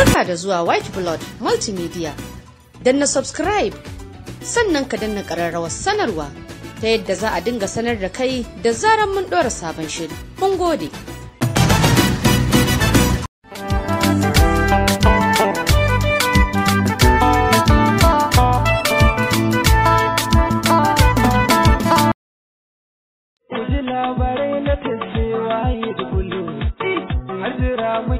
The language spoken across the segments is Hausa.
Barka da zuwa White Blood Multimedia. Danna subscribe, sannan ka danna ƙararrawar sanarwa ta yadda za a dinga sanar da kai da zaran mun ɗora sabon shiri. Mun gode. labarai na yi da bulu har jira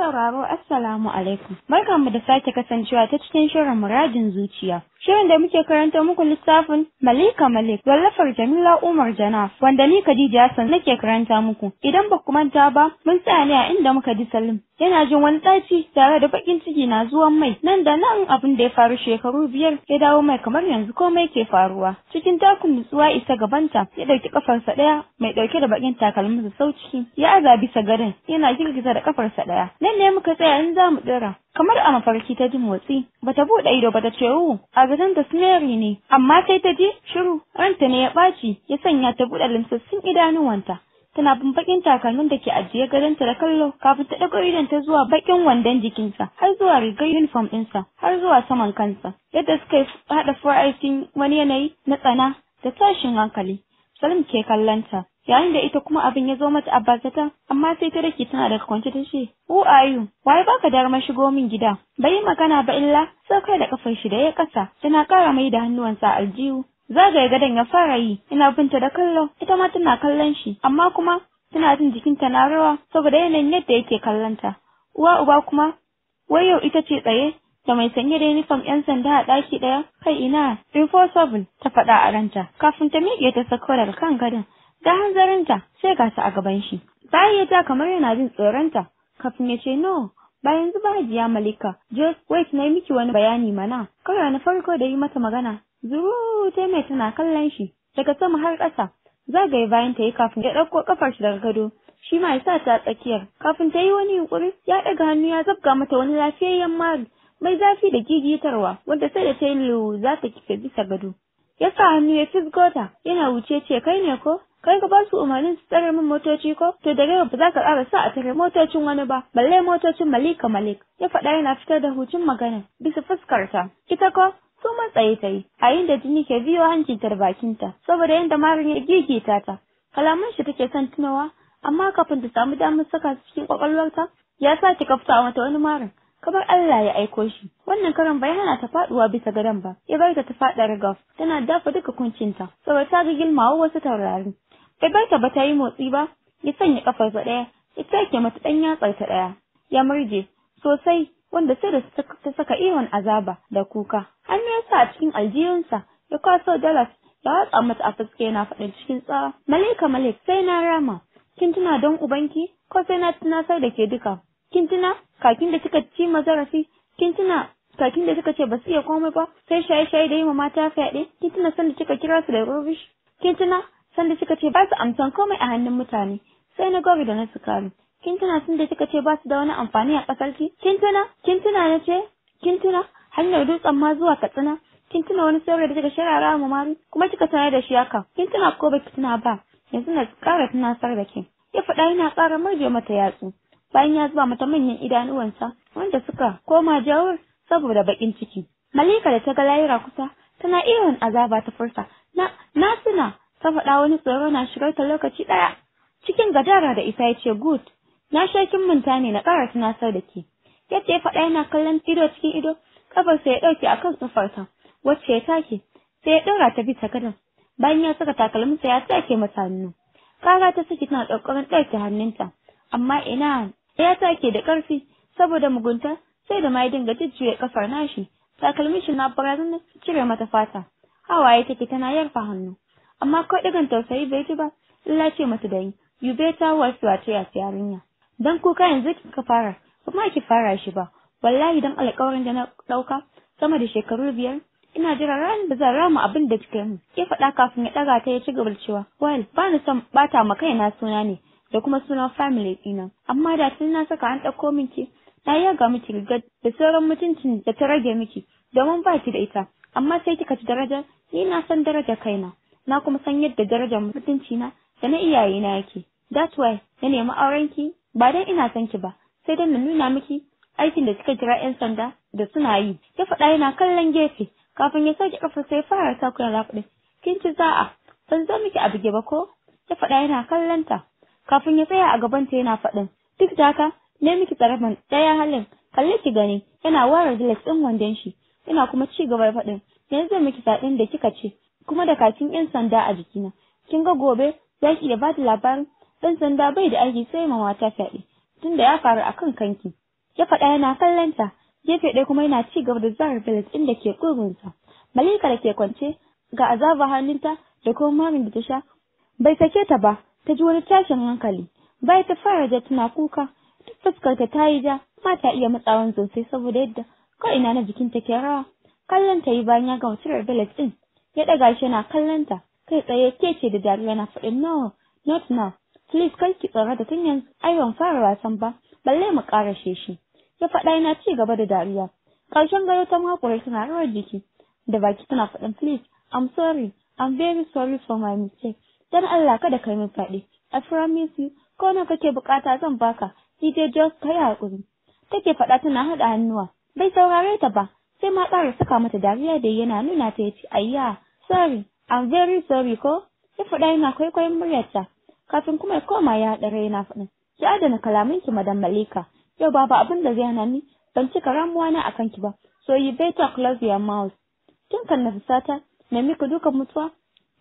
sauraro Assalamu alaikum. Barkanmu da sake kasancewa ta cikin shirin muradin zuciya Shirin da muke karanta muku lissafin Malika Malik wallafar Jamila Umar Jana, wanda ni Khadija Hassan nake karanta muku. Idan ba ku manta ba mun tsaya ne a inda muka ji Salim. Yana jin wani tsaci tare da bakin ciki na zuwan mai nan da nan abin da ya faru shekaru biyar ya dawo mai kamar yanzu komai ke faruwa. Cikin takun nutsuwa isa gabanta ya dauki kafarsa daya mai dauke da bakin takalmin sau ciki ya aza bisa garin yana girgiza da kafarsa daya. Nan ne muka tsaya in za mu dira. kamar a mafarki ta ji motsi bata buɗe ido ba ta ce wu a gidan da smeri ne amma sai ta je shiru ranta ne ya baci ya sanya ta buɗe limsassun idanuwanta tana bambakin takalmin da ke ajiye ta da kallo kafin ta ɗago idon ta zuwa bakin wandon jikinsa har zuwa rigar uniform ɗinsa har zuwa saman kansa yadda suka haɗa aikin wani yanayi na tsana da tashin hankali Salim ke kallonta yayin da ita kuma abin ya zo mata abbasatan amma sai ta rake tana daga kwance ta ce who are you wai baka darma shigo min gida bai yi magana ba illa kai da kafar shi da ya kasa tana kara mai da hannuwansa aljihu zagaye gadon ya fara yi ina binta da kallo ita ma tana kallon shi amma kuma tana jin jikinta na rawa saboda yanayin yadda yake kallon ta uwa uba kuma wai yau ita ce tsaye da mai sanye da uniform yan sanda a ɗaki ɗaya kai ina 347 ta faɗa a ranta kafin ta miƙe ta sako daga kan gadon ta hanzarinta sai ga su a gaban shi bayan ya ja kamar yana jin tsoronta kafin ya ce no bayan zuba ba hajiya malika jos wait na yi miki wani bayani mana kawai na farko da yi mata magana zuru ta mai tana kallon shi daga sama har ƙasa zagaye bayan ta yi kafin ya ɗauko ƙafar shi daga gado shi ma ya sa ta tsakiyar kafin ta yi wani yunkuri ya ɗaga hannu ya zabga mata wani lafiyayyen mari mai zafi da gigitarwa wanda sai da ta yi za ta kife bisa gado ya sa hannu ya fisgo ta yana wuce ce kai ne ko kai ka ba su umarnin su tsare min motoci ko to da ba za ka ƙara sa a tare motocin wani ba balle motocin malika malik ya faɗa yana fitar da hucin magana. bisa fuskarta ita ko su matsayi ta yi a yadda jini ke biyo hancin bakinta saboda yadda marin ya gigita ta kalaman shi take son tunawa amma kafin ta samu damar saka su cikin kwakwalwarta ya sa ki kafta wata wani marin kamar Allah ya aiko shi wannan karan bai hana ta faɗuwa bisa gadon ba ya bar ta ta fada rigaf tana dafa duka kuncinta saboda ta ga gilmawa wasu taurari ta ba ta yi motsi ba ya sanya ƙafarsa ɗaya Ita yake mata ɗan yatsar ta ɗaya ya murje sosai wanda sai da ta saka ihon azaba da kuka hannu ya sa a cikin aljihunsa ya kwaso dalas ya watsa mata a fuska yana faɗin cikin tsawa malika malik sai na rama kin tuna don ubanki ko sai na tunasar da ke duka kin tuna kakin da kika ci mazarafi kin tuna kakin da suka ce ba su iya komai ba sai shaye shaye da yi ma mata fyaɗe kin tuna san kika kira su da rubish kin tuna sanda suka ce ba su amsan komai a hannun mutane sai na gori da na sukari kin tuna sun da kika ce ba su da wani amfani a kasar ki kin tuna kin tuna na ce kin tuna hanyar dutsen ma zuwa katsina kin tuna wani saurayi da kika sharara rawa mamari kuma kika tana da shi haka kin tuna ko ki tuna ba yanzu na tuna sar da ke ya faɗa yana ƙara murje mata yatsu bayan ya zuba mata manyan idanuwansa wanda suka koma jawur saboda bakin ciki malika da ta ga layira kusa tana irin azaba ta furta na na suna ta faɗa wani tsoro na shigar ta lokaci ɗaya. Cikin gadara da isa ya ce good, na sha kin ne na ƙara tunasar da ke. Yadda ya faɗa yana kallon ido cikin ido, Ƙafar kafarsa ya ɗauke a kan tsofarta. wacce ya take, sai ya ɗora ta bisa gadon. Bayan ya saka takalminsa ya ke mata hannu. Kara ta saki tana ƙoƙarin ɗauke hannunta, amma ina ya take da ƙarfi saboda mugunta sai da ma ya dinga jujjuya ƙafar nashi. Takalmin shi na barazanar cire mata fata. Hawaye take tana yarfa hannu. amma ko ɗigan tausayi bai ci ba Allah ce mata da yi you wasu watch a tears yarinya dan kuka yanzu kika fara kuma ki fara shi ba wallahi dan alƙawarin da na ɗauka sama da shekaru biyar ina jira ran da zan rama abin da kika mu ya faɗa kafin ya ɗaga ta ya ci gaba cewa well ba ni son bata ma kaina suna ne da kuma sunan family ɗina amma da tun na saka an ɗauko min ki na yaga miki rigar da sauran mutuncin da ta rage miki domin ba ki da ita amma sai kika ci daraja ni na san daraja kaina na kuma san yadda darajar mutunci na da na iyaye na yake That way na nemi auren ki ba dan ina san ki ba sai dan na nuna miki aikin da kika jira yan sanda da suna yi ya faɗa yana kallon gefe kafin ya sauke kafa sai fara sa na lafiya kin ci za'a ban zo miki a buge ba ko ya faɗa yana kallon ta kafin ya tsaya a gaban ta yana faɗin duk da haka ne miki tsaraban ɗaya halin kalle ki gani yana ware gilas ɗin wandon shi ina kuma ci gaba da faɗin yanzu miki saɗin da kika ce kuma da kakin yan sanda a jikina kin ga gobe zaki ba bata labarin ɗan sanda bai da aiki sai mawa ta fyaɗe tunda ya faru a kan kanki ya faɗa yana kallon ta gefe ɗaya kuma yana ci gaba da zarar Felix ɗin da ke ƙugunsa. Malika da ke kwance ga azaba hannunta da kuma mamin da ta sha. Bai sake ta ba, ta ji wani tashin hankali. Bai ta fara da tana kuka, duk fuskarta ta yi ja, ma ta iya matsawan sosai saboda yadda ko ina na jikinta ke rawa. Kallon ta yi bayan ya gama cire Felix ɗin ya ɗaga shi yana kallon ta kai tsaye ke da dariya na faɗin no not now please kai ki tsara da tun yanzu ai ban fara wasan ba balle mu karashe shi ya faɗa yana ci gaba da dariya ƙarshen gado ta makure tana rawar jiki da baki tana faɗin please I'm sorry I'm very sorry for my mistake dan Allah kada kai min faɗi I promise you ko na kake bukata zan baka ni dai just kai hakuri take faɗa tana haɗa hannuwa bai saurare ta ba sai ma ƙara saka mata dariya da yana nuna ta yace ayya sorry I'm very sorry ko ya faɗa yana kwaikwayon muryarta kafin kuma ya koma ya haɗa rai yana faɗin ki adana kalamanki madam Malika yau babu abin da zai hana ni ban cika ramuwa na akan ki ba so you better close your mouth tun kan na fusata mai mika dukan mutuwa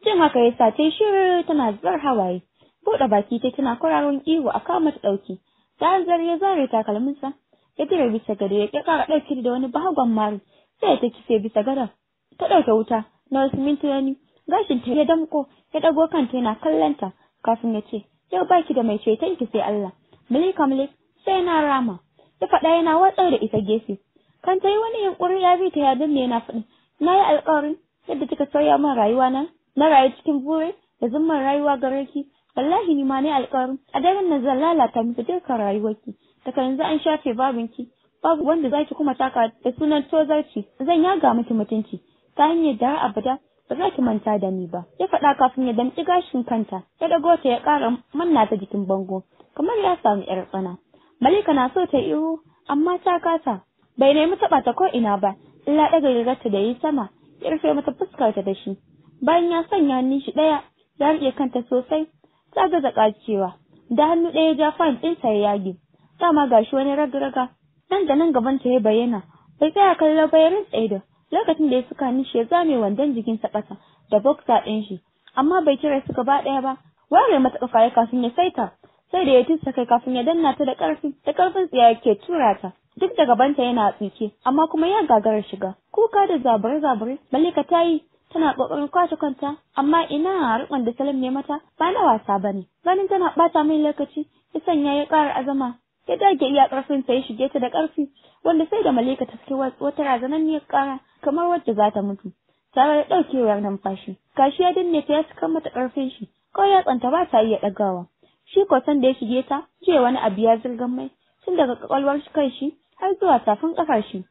jin haka ya sace shiru tana zubar hawaye buɗe baki ta tana kwararon ihu a kawo mata ɗauki ta zare ya zare takalminsa ya bisa ya ƙi ƙara ɗauki da wani bagon mari sai ta kife bisa gadon ta ɗauke wuta na wasu mintunani gashin ta ya damƙo ya ɗago kanta yana kallon ta kafin ya ce yau baki da mai ceton ki sai Allah mulika mulik sai na rama ya faɗa yana watsar da ita gefe kan ta yi wani yunƙuri ya bi ta ya danne yana faɗin na yi alƙawarin yadda kika sauya min rayuwa na na rayu cikin bure da zumman rayuwa gare ki wallahi ni ma ne alƙawarin a daren na zan lalata miki dukkan rayuwarki daga yanzu an shafe babinki babu wanda zaki kuma taka da sunan tozarci zan yaga miki mutunci ta hanyar da abada ba za ki manta da ni ba ya faɗa kafin ya damƙi gashin kanta ya dago ta ya ƙara manna ta jikin bango kamar ya samu yar tsana malika na so ta ihu amma ta kasa bai nemi taɓa ta ko ina ba illa ɗaga rigarta da yi sama ya rufe mata fuskar ta da shi bayan ya sanya nishi shi ɗaya ya riƙe kanta sosai ta gaza ƙacewa da hannu ɗaya ja fan ɗinsa ya yage dama gashi wani ragaraga. nan da nan gaban ta ya bayyana bai tsaya kallo ba ya rantsaye da lokacin da ya suka nishi ya zame wandon jikinsa ƙasa da boksa ɗin shi amma bai kira su gaba ɗaya ba Ware mata ƙafa kafin ya saita sai da ya tusa kai kafin ya danna ta da ƙarfi da ƙarfin tsiya yake tura ta duk da gaban ta yana tsike, amma kuma ya gagara shiga kuka da zabure zabure malika ta yi tana ƙoƙarin kwace kwanta amma ina riƙon da salam ne mata ba na wasa ba ne ganin tana ɓata mai lokaci ya sanya ya ƙara azama ya dage iya karfin ta ya shige ta da karfi wanda sai da malika ta kai wata razananniyar kara kamar wacce za ta mutu tare da daukewar numfashi kashi ya danne ta ya suka mata karfin shi ko ya tsanta ba ta iya ɗagawa. shi ko san da ya shige ta je wani abu ya zirgan mai tun daga kwakwalwar shi kan shi har zuwa tafin kafar shi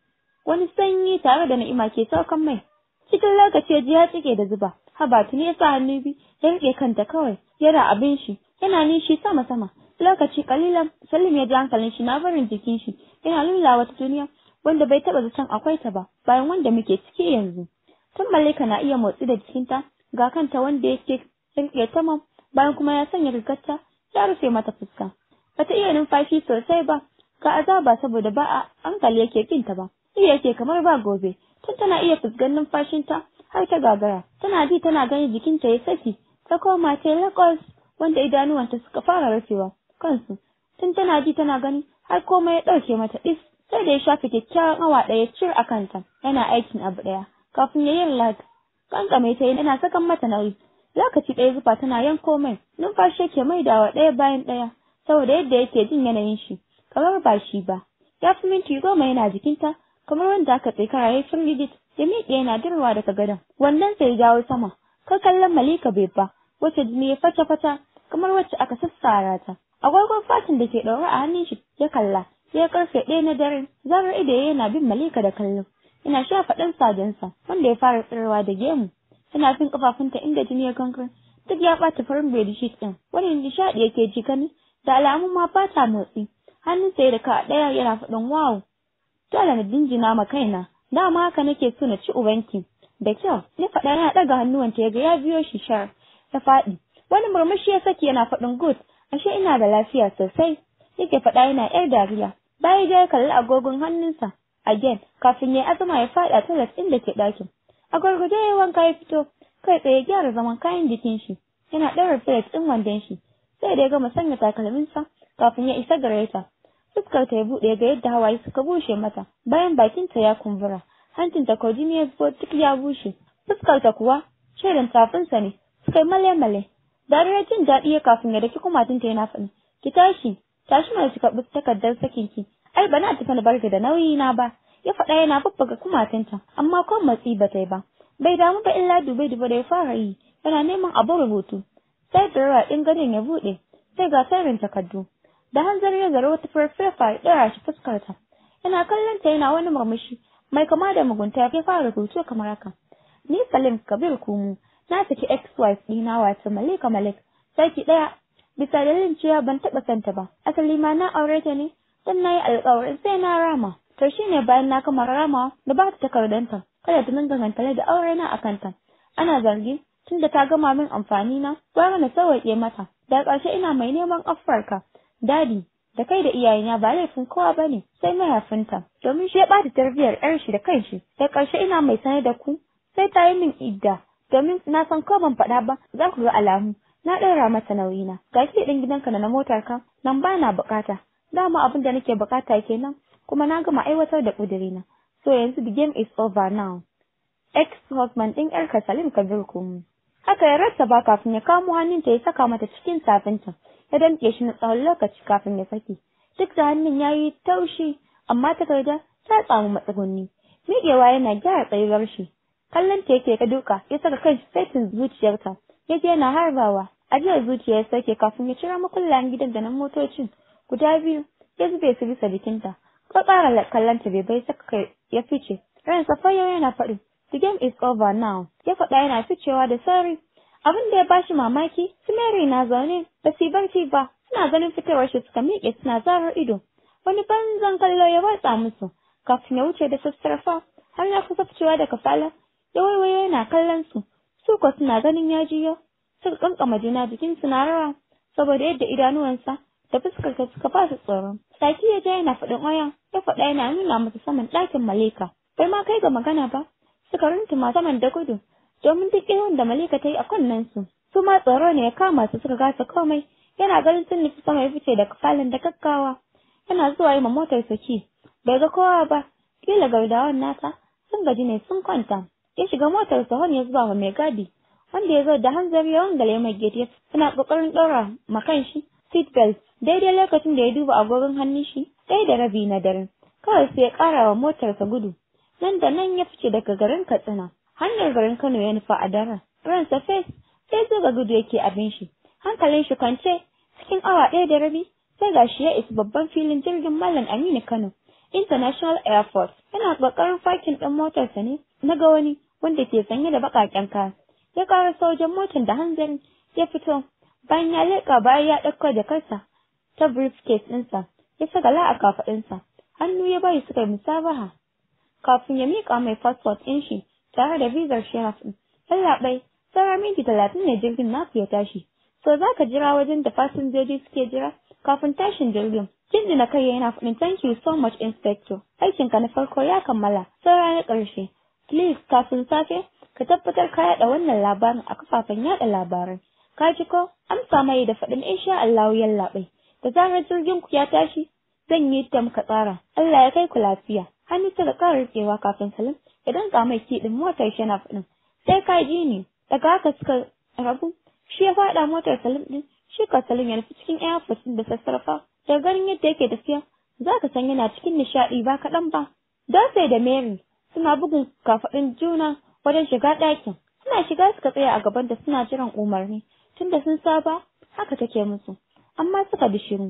wani sanyi tare da na'ima ke saukan mai cikin lokaci ji ya tsike da zuba haba tuni ya sa hannu biyu ya rike kanta kawai yana abin shi yana nishi sama sama lokaci kalilan salim ya ji hankalin shi na barin jikin shi yana lulla wata duniya wanda bai taba zaton akwai ta ba bayan wanda muke ciki yanzu tun malika na iya motsi da jikinta ga kanta wanda yake rike tamam bayan kuma ya sanya rigarta ya rufe mata fuska bata iya numfashi sosai ba ga azaba saboda ba a hankali yake kinta ba iya yake kamar ba gobe tun tana iya fuskan numfashinta har ta gagara tana ji tana ganin jikinta ya saki ta koma ta lagos wanda idanuwanta suka fara rufewa kansu tun tana ji tana gani har komai ya ɗauke mata is sai da ya shafe kyakkyawan awa ɗaya cir a kanta yana aikin abu ɗaya kafin ya yi rilata kankame ta yi, yana sakan mata nauyi lokaci ɗaya zufa tana yanko mai numfashi yake maidawa ɗaya bayan ɗaya saboda yadda yake jin yanayin shi kamar ba shi ba ya fi minti goma yana jikinta kamar wanda aka tsikara ya fin rigit ya miƙe yana dirwa daga gadon wannan sai jawo sama ka kallon malika bai ba wacce jini ya fata fata kamar wacce aka sassara ta agogon fatin da ke ɗaure a hannun shi ya kalla sai ya karfe ɗaya na dare zarar ido yana bin malika da kallo ina sha faɗin sajensa wanda ya fara tsirwa da gemu Ina fin kafafunta inda jini ya kankan duk ya ɓata farin bai shi ɗin wani nishaɗi yake ji kani da alamun ma fata motsi hannun sai da ka ɗaya yana faɗin wawo dole na jinjina ma kaina dama haka nake so na ci ubanki da kyau ya faɗa yana ɗaga hannuwanta ya ga ya biyo shi shar ta faɗi wani murmushi ya saki yana faɗin good ashe ina da lafiya sosai yake faɗa yana yar dariya bayan ya kalli agogon hannunsa again kafin ya azuma ya faɗa toilet ɗin da ke ɗakin a gwargwaje ya wanka ya fito kai tsaye gyara zaman kayan jikin shi yana ɗaura filet ɗin wandon shi sai da ya gama sanya takalminsa kafin ya isa gare ta fuskar ta ya buɗe ga yadda hawaye suka bushe mata bayan bakinta ya kumbura hancin ta ko jini ya duk ya bushe fuskar ta kuwa shaidan tafinsa ne suka yi male-male ya jin daɗi ya kafin ya daki ta yana faɗi. Ki tashi, tashi mana shiga takardar sakin ki. Ai ba na tafi na da nauyi na ba. Ya faɗa yana bubbuga kumatinta, amma ko matsi ba ta yi ba. Bai damu ba illa dubai dubai da ya fara yi, yana neman abin rubutu. Sai da rawa ɗin ganin ya buɗe, sai ga sairin takardu. Da hanzar ya zaro wata farfefa ya ɗara shi fuskarta. Yana kallon ta yana wani murmushi mai kama da mugunta ya fara rubutu kamar haka. Ni Salim Kabir Kumu, na saki ex-wife ɗina wato Malika Malik saki ɗaya bisa dalilin cewa ban taɓa santa ba asali ma na aure ta ne dan na yi alƙawarin sai na rama to ne bayan na kama rama da ba ta takardanta kada ta dinga hankali da aure na akan ta ana zargi tunda ta gama min amfani na ba na sauke mata da ƙarshe ina mai neman ka dadi da kai da iyayena ba laifin kowa ba ne sai mahaifinta domin shi ya ɓata tarbiyyar 'yar shi da kanshi da ƙarshe ina mai sanar da ku sai ta yi min idda domin na san ko ban faɗa ba za ku ga alamu na ɗora mata nauyina ga ki ɗin gidanka na motar ka nan ba na buƙata dama abin da nake buƙata kenan kuma na gama aiwatar da ƙudurina so yanzu the game is over now ex husband ɗin yarka Salim Kabir Kumu haka ya rasa ba kafin ya kamo ta ya saka mata cikin tafinta, ya danke shi na tsawon lokaci kafin ya saki duk da hannun ya yi taushi amma takarda ta samu matsugunni miƙewa yana gyara tsayuwar shi kallon teke ka duka ya saka kai saitin zuciyarta ya je na harbawa ajiyar zuciyar sake kafin ya cira makullan gidan da nan motocin guda biyu ya zube su bisa jikinta ko ƙara kallon ta bai bai saka kai ya fice ran safaya yana faɗi the game is over now ya faɗa yana ficewa da sauri abin da ya bashi mamaki su mary na zaune ba su yi barci ba suna ganin fitowar shi suka miƙe suna zarar ido wani banzan kallo ya watsa musu kafin ya wuce da sassarfa har ya kusa fitowa daga falon ya yana kallon su su ko suna ganin ya jiyo suka kankama juna jikin su na rawa saboda yadda idanuwansa da fuskar ta suka ba su tsoro saki ya je yana faɗin waya. ya faɗa yana nuna masa saman ɗakin malika bai ma kai ga magana ba suka runtuma saman da gudu domin duk irin da malika ta yi a kunnen su su ma tsoro ne ya kama su suka gasa komai yana ganin sun nufi sama ya fice daga falon da kakkawa yana zuwa yi ma motar saki bai ga kowa ba kila gardawan nasa sun gaji ne sun kwanta ya shiga motar sa ya zuba wa mai gadi wanda ya zo da hanzar yawan da mai gate suna kokarin ɗora makan shi seat belt daidai lokacin da ya duba agogon hannun shi ɗaya da rabi na daren kawai sai ya ƙara wa motarsa gudu nan da nan ya fice daga garin katsina hanyar garin kano ya nufa a daren ransa face sai zo ga gudu yake abin shi hankalin shi kwance cikin awa ɗaya da rabi sai ga shi ya isa babban filin jirgin mallam aminu kano international airport yana ƙoƙarin fakin ɗin motarsa ne na ga wani wanda ke sanye da baƙaƙen kaya ya ƙara sojan motar da hanzari ya fito bayan ya leƙa bayan ya ɗauko kansa. ta briefcase ɗinsa ya sagala a kafaɗinsa hannu ya bayi suka yi musabaha kafin ya miƙa mai fasfot ɗin shi tare da bizar sheriff ɗin yallaɓai sauran minti talatin ne jirgin naku ya tashi so za ka jira wajen da fasinjoji suke jira kafin tashin jirgin jinjina kai yana faɗin thank you so much inspector aikinka na farko ya kammala saura na ƙarshe Please kafin safe ka tabbatar ka yaɗa wannan labarin a kafafen yaɗa labarai. Ka ji ko amsa mai da faɗin insha Allahu labai Da zarar jirgin ku ya tashi zan yi ta muka tsara. Allah ya kai ku lafiya. Hannu ta da ƙara rikewa kafin salim idan ka mai kiɗin motar shi na faɗin. Sai ka ji ni daga haka suka rabu shi ya faɗa motar salim ɗin shi ka salim ya nufi cikin airport da sassarfa da ganin yadda yake tafiya za ka san yana cikin nishaɗi ba kaɗan ba. Don sai da Mary suna bugun kafaɗin juna wajen shiga ɗakin suna shiga suka tsaya a gaban da suna jiran umarni tunda sun saba haka take musu amma suka bi shiru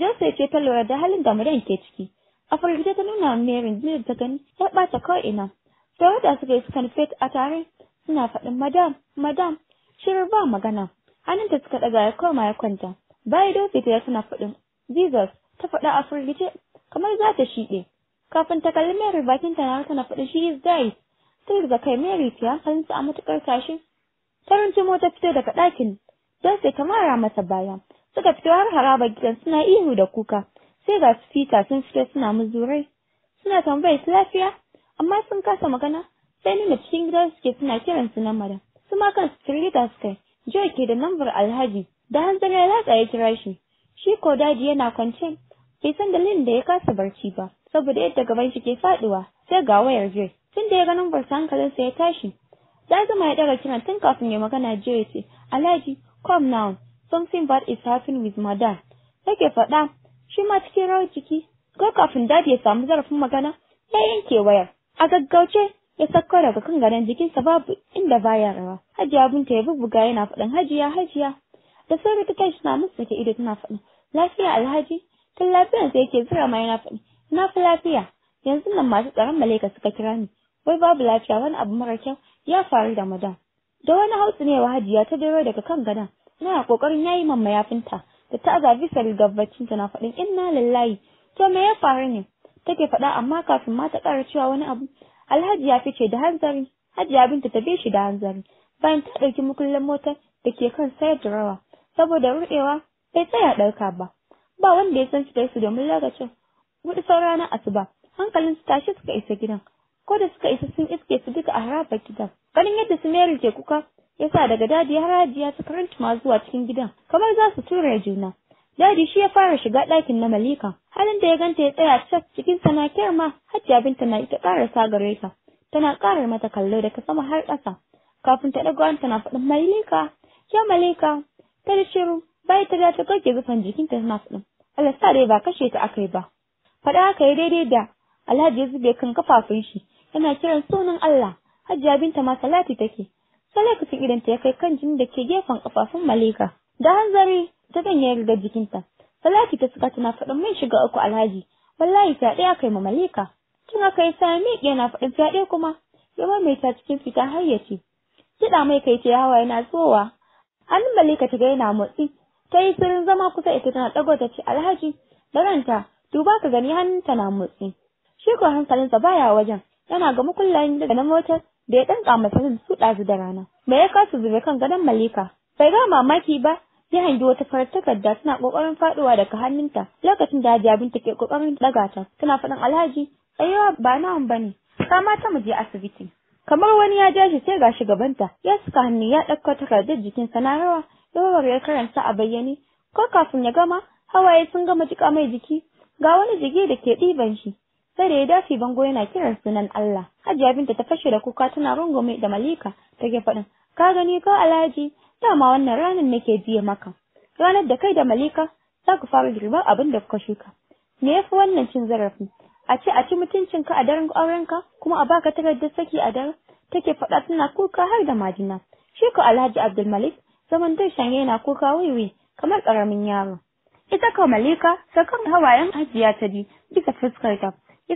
Jose ce ta lura da halin da muryan ke ciki a firgita ta nuna jini da ta gani ya ɓata kawai ina sai da suka yi sukan fet a tare suna faɗin madam madam shirin ba magana hannunta suka ɗaga ya koma ya kwanta bayan Dose ta suna faɗin Jesus ta faɗa a firgice kamar za ta shiɗe Kafin ta kalli Mary bakin ta na na faɗi she is dead. Sai da kai Mary ta halinta a matuƙar tashi. Ta Timo ta fito daga ɗakin don sai ta mara mata baya. Suka fito har haraba gidan suna ihu da kuka. Sai ga su fita sun fito suna muzurai. Suna tambayar su lafiya amma sun kasa magana. Sai nuna cikin gidan suke suna kiran su na madam. Su ma kan sikirita suka kai. Joe ke da lambar Alhaji da hanzari ya latsa ya kira shi. Shi ko daji yana kwance bai san dalilin da ya kasa barci ba saboda yadda gaban shi ke faduwa sai ga wayar Joy tun da ya ga numbar sa hankalinsa ya tashi ya zama ya daga kiran tun kafin ya magana Joy ya ce Alhaji come now something bad is happening with my dad yake faɗa shi ma cikin rawar jiki ko kafin dad ya samu zarafin magana ya yanke wayar a gaggauce ya sakko daga kan gadon jikinsa babu inda baya rawa hajiya binta ya bubbuga yana faɗin hajiya hajiya da sauri ta kai na musu sake ido tana faɗin lafiya alhaji tun lafiyansa sai yake zira ma yana faɗi na fi lafiya yanzu nan masu tsaron malaika suka kira ni wai babu lafiya wani abu mara kyau ya faru da madam da wani hautsi ne wa hajiya ta dare daga kan gadon na kokarin yayi man mayafinta da ta aza bisa gabbacin ta na faɗin inna lillahi to me ya faru ne take faɗa amma kafin ma ta ƙara cewa wani abu alhaji ya fice da hanzari hajiya binta ta bi shi da hanzari bayan ta ɗauki mukullin motar da ke kan sayar da rawa saboda ruɗewa bai tsaya ɗauka ba ba wanda ya san shi da su domin lokacin hudu saura na asuba hankalin su tashi suka isa gidan ko da suka isa sun iske su duka a harabar gidan ganin yadda su mary ke kuka Ya sa daga dadi har ya suka ma zuwa cikin gidan kamar za su tura juna dadi shi ya fara shiga ɗakin na malika halin da ya ganta ya tsaya cak cikin sana ma. hajiya binta na ita ƙarasa gare ta tana ƙarar mata kallo daga sama har ƙasa kafin ta ɗago tana faɗin malika ya malika ta shiru bai ta da ta goge rufin jikinta na ɗin. Allah sa dai ba kashe ta aka yi ba. Faɗa aka yi daidai da Alhaji ya zube kan kafafun shi yana kiran sunan Allah. Hajiya binta ma salati take. Sai lokacin idan ta ya kai kan jini da ke gefen kafafun Malika. Da hanzari ta danye riga jikinta. Salati ta suka tana faɗin min shiga uku Alhaji. Wallahi fyaɗe aka yi ma Malika. Tun aka yi sami yana faɗin fyaɗe kuma. Yawa mai ta cikin fita har ya ce. Kiɗa mai kai ta hawa yana tsowa. Hannun Malika ta ga yana motsi ta yi sirin zama kusa ita tana ɗago ta ce alhaji baranta duba ka gani hannunta na motsi shi ko hankalinsa baya wajen yana ga mukullayen da na motar da ya danka masa zan su ɗazu da rana me ya kasu zube kan gadon malika bai ga mamaki ba ya hangi wata farar takarda tana kokarin faduwa daga hannunta lokacin da hajiya binta ke kokarin daga ta tana faɗin alhaji tsayuwa ba nawan bane kama ta mu je asibiti kamar wani ya ja shi sai gashi gabanta ya saka hannu ya ɗauko takardar jikinsa na rawa tsohuwar ya karanta a bayyane ko kafin ya gama hawaye sun gama jika mai jiki ga wani jige da ke ɗiban shi sai da ya dafi bango yana kiran sunan Allah Hajiya binta ta fashe da kuka tana rungume da Malika take faɗin ka gani ko Alhaji dama wannan ranar nake jiya maka ranar da kai da Malika za ku fara girbar abin da kuka shuka me yafi wannan cin zarafi a ce a ci mutuncinka a daren aurenka kuma a baka takardar saki a daren take faɗa tana kuka har da majina shi ko Alhaji Abdulmalik zaman tushen yana kuka wiwi kamar karamin yaro. Ita kawai Malika sakan hawayen ajiya ta bi bisa fuskar ta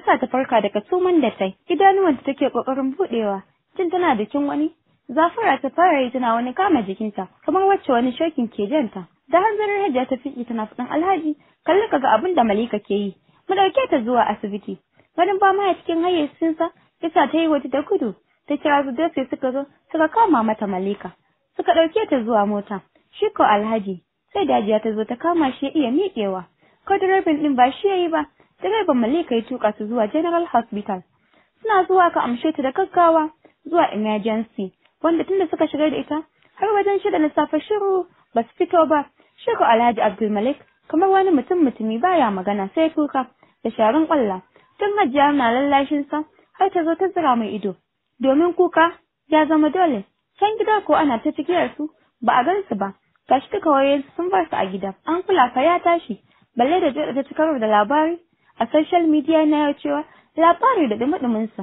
sa ta farka daga suman da tai idanuwanta take kokarin buɗewa jin tana da kin wani zafara ta fara yi tana wani kama jikinta kamar wacce wani shokin ke janta da hanzarin hajiya ta fiƙi tana faɗin alhaji kalli ka ga abin da Malika ke yi mu ɗauke ta zuwa asibiti Wani ba ma cikin hayyacinsa yasa ta yi wata da gudu ta kira su da sai suka zo suka kama mata Malika suka ɗauke ta zuwa mota shi ko alhaji sai dajiya ta zo ta kama shi ya iya miƙewa ko direban ɗin ba shi ya yi ba direban malika ya tuka su zuwa general hospital suna zuwa ka amshe ta da gaggawa zuwa emergency wanda tunda suka shigar da ita har wajen shida na safe shiru ba su fito ba shi ko alhaji abdulmalik kamar wani mutum mutumi baya magana sai kuka da sharin kwalla tun hajjiya na lallashinsa har ta zo ta zira mai ido domin kuka ya zama dole can gida ko ana ta cikiyar su ba a gan su ba gashi duka wayoyin sun bar su a gida an kula fa ya tashi balle da jira ta cikar da labari a social media na yau cewa labari da dumudumin sa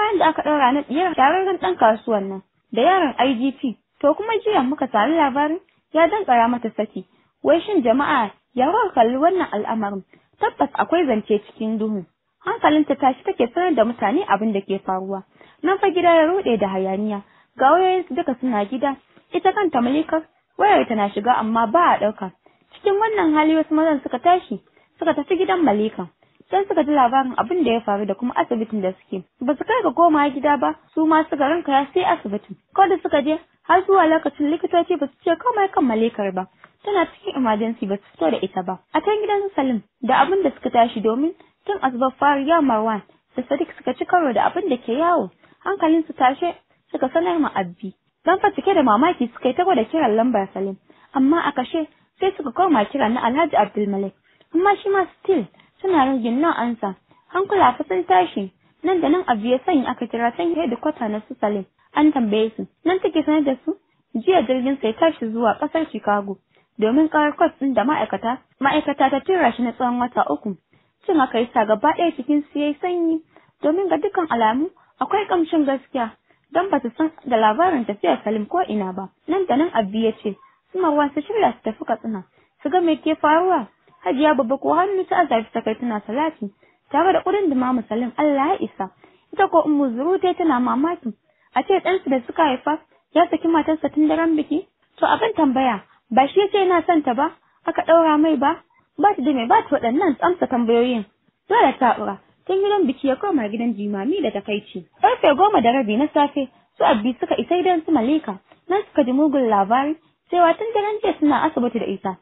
ran da aka ɗaura na ɗiyar shararren ɗan kasuwan nan da yaron IGP to kuma jiya muka sami labarin ya dan dankara mata saki wai shin jama'a ya kalli wannan al'amarin tabbas akwai zance cikin duhu hankalinta tashi take sanar da mutane abin da ke faruwa nan fa gida ya rude da hayaniya ga su duka suna gida ita kanta malikar wayar ta na shiga amma ba a ɗauka cikin wannan hali wasu mazan suka tashi suka tafi gidan malika sai suka ji labarin abin da ya faru da kuma asibitin da suke ba su kai ga koma gida ba su ma suka ya sai asibitin ko da suka je har zuwa lokacin likitoci ba su ce komai kan malikar ba tana cikin emergency ba su fito da ita ba a can gidan salim da abin da suka tashi domin tun asibar fari ya marwan da sadiq suka ci karo da abin da ke yawo hankalinsu tashe suka sanar ma abbi dan fa cike da mamaki suka yi ta gwada kiran lambar salim amma a kashe sai suka koma kiran na alhaji abdulmalik amma shi ma still suna ragin nan ansa hankula fa sun tashi nan da nan abbi ya sanya aka kira yi hedikwata na su salim an tambaye su nan take sanar da su jiya jirgin sai tashi zuwa kasar chicago domin kawar kwas ɗin da ma'aikata ma'aikata ta tura shi na tsawon wata uku cin aka yi sa gaba ɗaya cikin su sanyi domin ga dukkan alamu akwai ƙamshin gaskiya don ba su san da labarin tafiyar Salim ko ina ba. Nan da nan Abdi ya ce, Sumarwa su shirya su tafi Katsina, su ga mai ke faruwa. Hajiya babba ko hannu ta azafi ta kai tana salati, tare da kudin dimamu Salim Allah ya isa. Ita ko in Ummu yi tana mamaki, a ce ɗansu da suka haifa ya saki matarsa tun daren biki? To abin tambaya, ba shi ya ce yana son ta ba, aka ɗaura mai ba, ba ta da mai ba ta waɗannan amsa tambayoyin. Dole ta ɗura, Sun yi don biki ya koma gidan jimami da takaici karfe goma da rabi na safe su abbi suka isa gidan su malika nan suka ji mugun labari cewa tun daren jiya suna asibiti da isa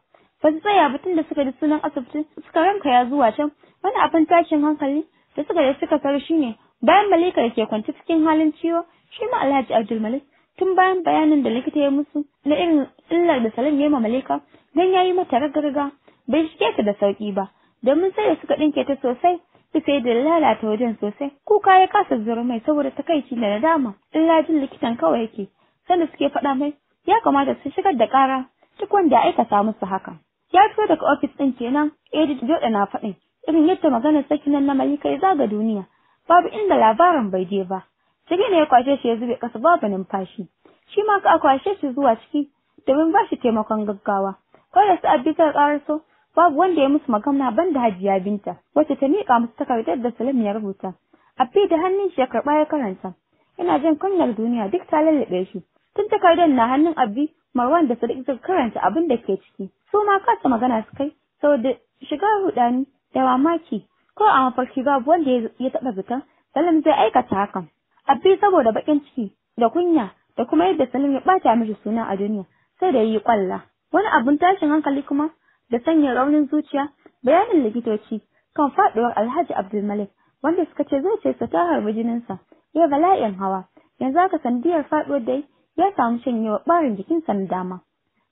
ba su tsaya ba tun da suka ji sunan asibiti suka ranka ya zuwa can wani abin tashin hankali da suka da suka shi shine bayan malika da ke kwanci cikin halin ciwo shi ma alhaji abdulmalik tun bayan bayanin da likita ya musu na irin illar da salim ya ma malika don ya yi mata ragarga bai shige ta da sauki ba domin sai da suka ɗinke ta sosai sai da lalata wajen sosai kuka ya kasa zuru mai saboda takaici da nadama in lajin likitan kawai yake sanda suke faɗa mai ya kamata su shigar da ƙara duk wanda aikata musu haka ya fito daga ofis ɗin kenan Edith Joda na faɗin irin yadda maganar nan na Malika ya zaga duniya babu inda labarin bai je ba Jirgin ne ya kwashe shi ya zube ƙasa babu numfashi shi ma ka kwashe shi zuwa ciki domin ba shi taimakon gaggawa kawai da su abbi ta so. babu wanda ya musu magana ban da hajiya binta wacce ta miƙa musu takardar da salam ya rubuta abbi da hannun shi ya karɓa ya karanta Ina jin kunyar duniya duk ta lallaɓe shi tun takardar na hannun abbi marwan da sadiq suka karanta abin da ke ciki su ma kasa magana su kai saboda shiga rudani da mamaki ko a mafarki babu wanda ya taɓa zaton salam zai aikata hakan abbi saboda baƙin ciki da kunya da kuma yadda salim ya ɓata mishi suna a duniya sai da yi kwalla wani abun tashin hankali kuma da sanya raunin zuciya bayanin likitoci kan faduwar alhaji abdulmalik wanda suka ce zai zuciyarsa ta harbi jininsa ya bala'in hawa yanzu haka sandiyar faduwar dai ya samu shanyewa barin jikinsa na dama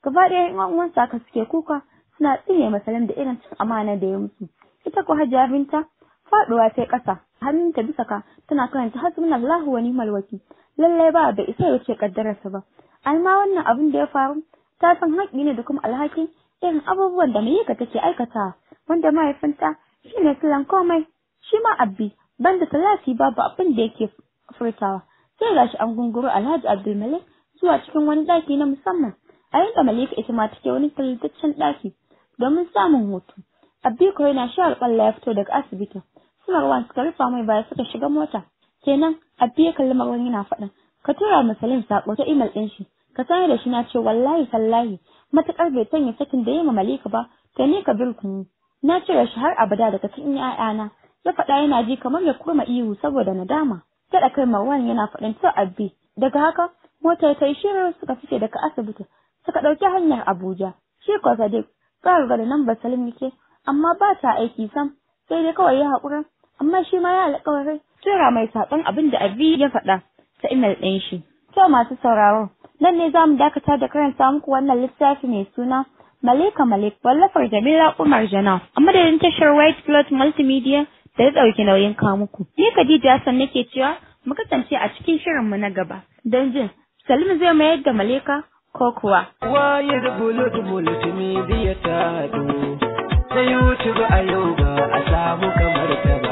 gaba ɗaya yan haka suke kuka suna tsine masalan da irin cin amana da ya musu ita ko hajiya binta faduwa sai ƙasa hannunta bisa ka tana karanta Allahu wa ni'mal wakil lallai ba da isa ya ce kaddararsa ba amma wannan abin da ya faru ta san haƙƙi ne da kuma alhakin irin abubuwan da mai take aikata wanda mahaifinta shi ne kiran komai shi ma abbi banda salafi babu abin da yake furtawa sai shi an gunguru Alhaji Abdulmalik zuwa cikin wani daki na musamman a yanda Malika ita ma take wani tallataccen daki domin samun hutu abbi ko yana shi kwalla ya fito daga asibitin ruwan suka rufa mai baya suka shiga mota kenan abbi ya kalli magwani yana faɗin ka tura masalin sako ta imel ɗin shi ka sanar da shi na ce wallahi tallahi matakar bai sanya sakin da ya ma malika ba ta ni ka bilkun na cire shi har abada daga cikin ƴaƴana ya faɗa yana ji kamar ya kurma ihu saboda nadama da kai Marwan yana faɗin to abbi daga haka motar ta yi shiru suka fice daga asibiti suka ɗauki hanyar Abuja shi ko Sadiq ƙarar da nan ba Salim yake amma ba ta aiki sam sai dai kawai ya haƙura amma shi ma ya alƙawarin tura mai saƙon abin da abbi ya faɗa ta imel ɗin shi. To masu sauraro, nan ne za mu dakata da karanta muku wannan littafi mai suna Malika Malik wallafar Jamila Umar Jana a madadin tashar White Plot Multimedia da ya ɗauki nauyin kawo muku. Ni Khadija Hassan nake cewa mu kasance a cikin shirin mu na gaba. Don jin Salim zai mayar da Malika ko kuwa. Waye sai wuce a yau ba a samu kamar ta